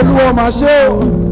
olúwa máa ṣe o.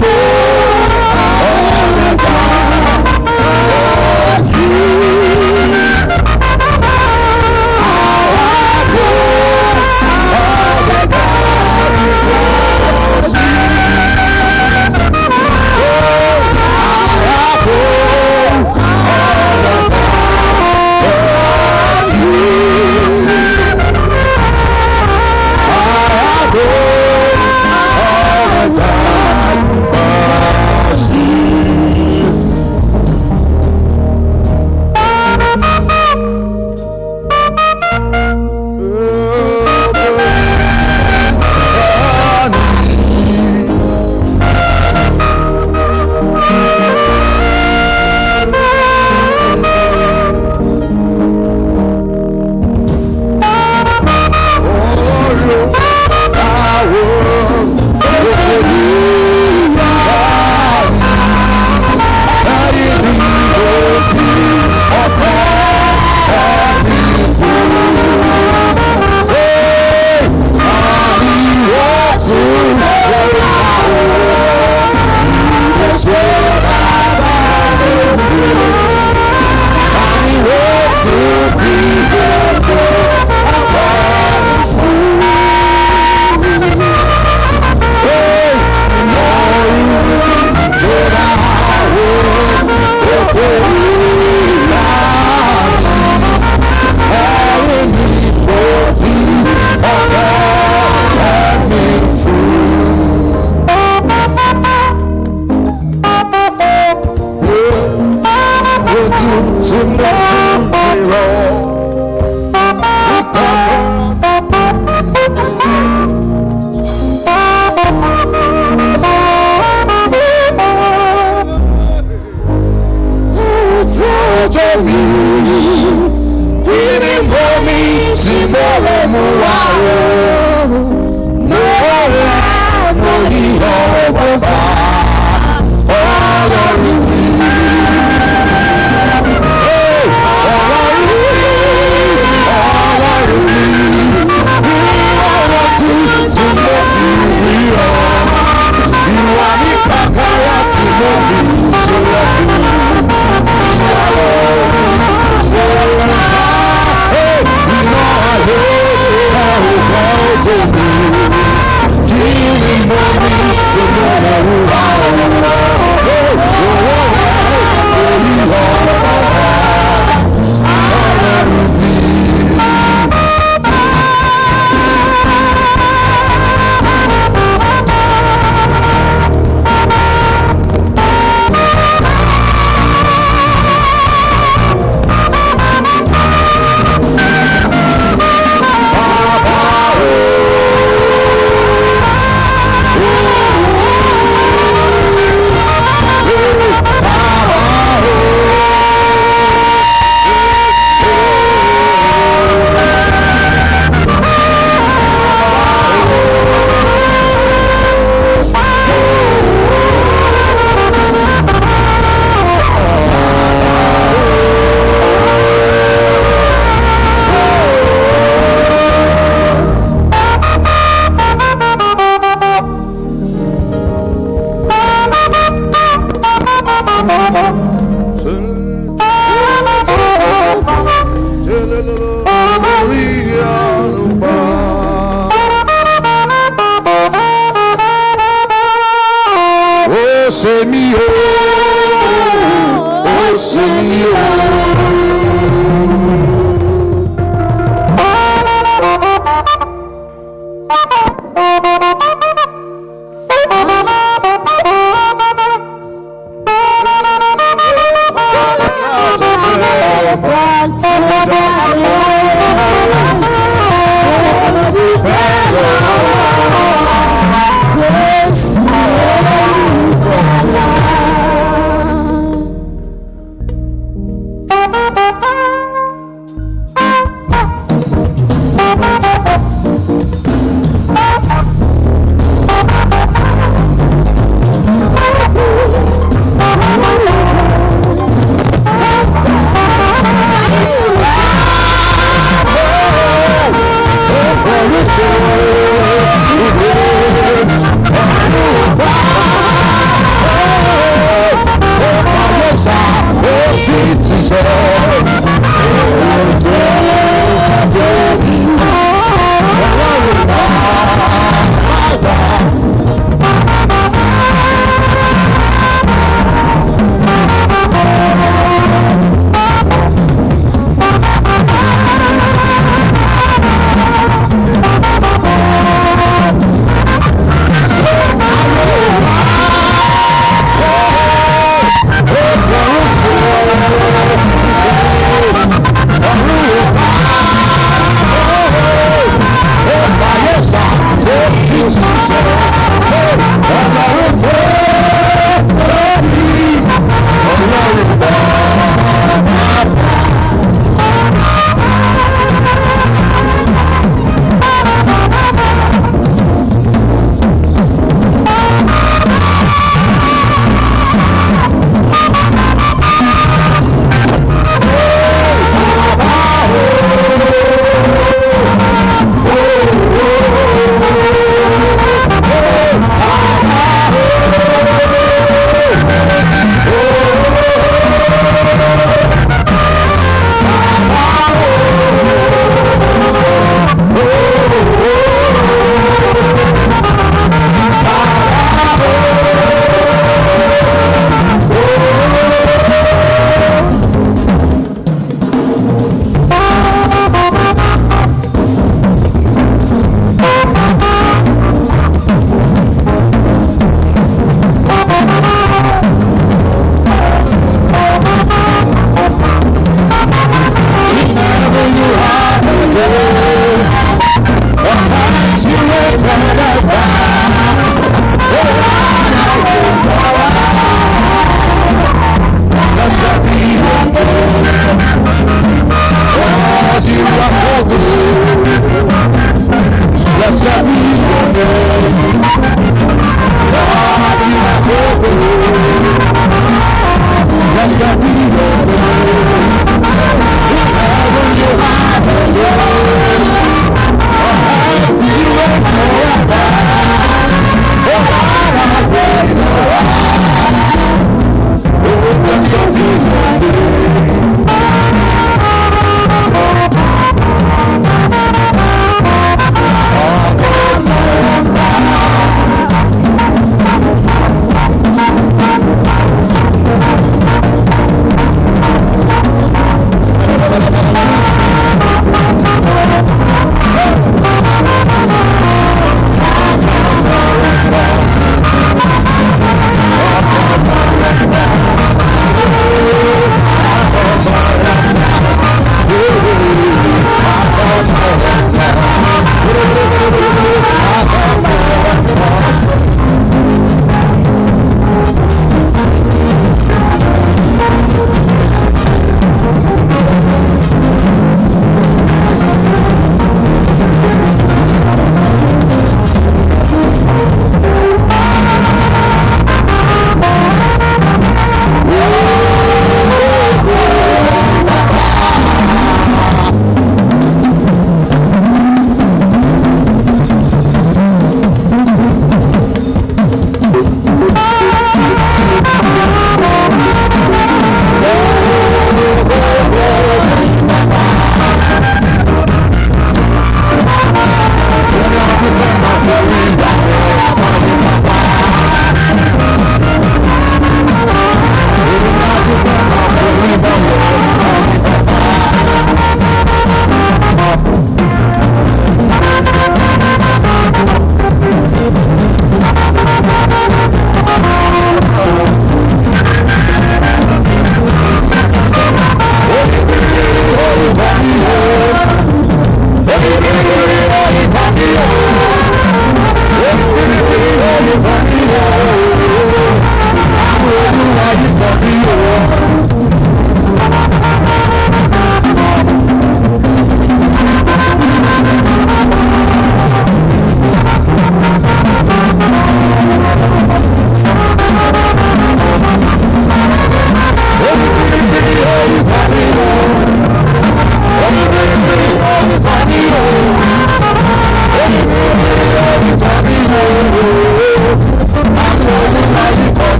Lord. ọjọ́ mi. Kí ni mo mi tí mo mú wá o?